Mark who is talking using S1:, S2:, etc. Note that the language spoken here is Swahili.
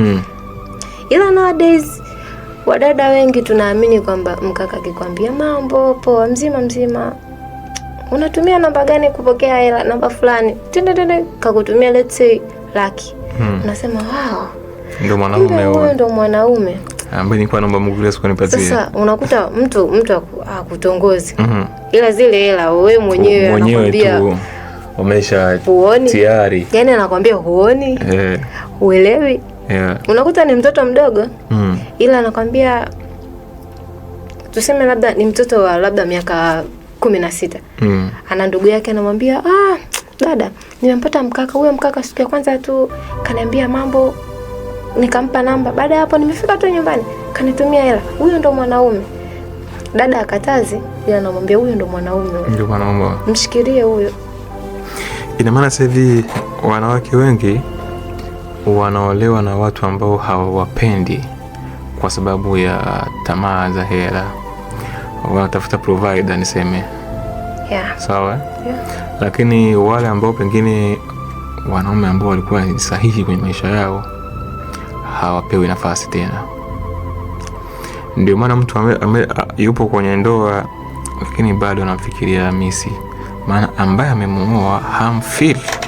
S1: mm.
S2: Ila nowadays wadada wengi tunaamini kwamba mkaka akikwambia mambo poa, mzima mzima, unatumia namba gani kupokea hela, namba fulani tende tende, kakutumia let's say laki mm. Unasema wow,
S1: ndio mwanaume huyo,
S2: ndio mwanaume
S1: ambaye nilikuwa naomba Mungu ile siku nipatie. Sasa
S2: unakuta mtu mtu akutongozi mm -hmm. ila zile hela wewe mwenyewe anakwambia
S1: umesha tayari,
S2: yani anakwambia huoni, eh, uelewi yeah. Unakuta ni mtoto mdogo mm. ila anakwambia tuseme labda ni mtoto wa labda miaka kumi na sita mm. ana ndugu yake anamwambia, ah, dada nimempata mkaka. Huyo mkaka siku ya kwanza tu kaniambia mambo, nikampa namba. Baada ya hapo nimefika tu nyumbani kanitumia hela. Huyo ndo mwanaume. Dada akatazi, ila anamwambia huyo ndo mwanaume, mshikirie huyo.
S1: Ina maana sasa hivi wanawake wengi wanaolewa na watu ambao hawawapendi kwa sababu ya tamaa za hela, wanatafuta provider niseme, yeah. Sawa, yeah. Lakini wale ambao pengine wanaume ambao walikuwa ni sahihi kwenye maisha yao hawapewi nafasi tena. Ndio maana mtu ame, ame, yupo kwenye ndoa lakini bado anamfikiria misi maana ambaye amemuoa hamfili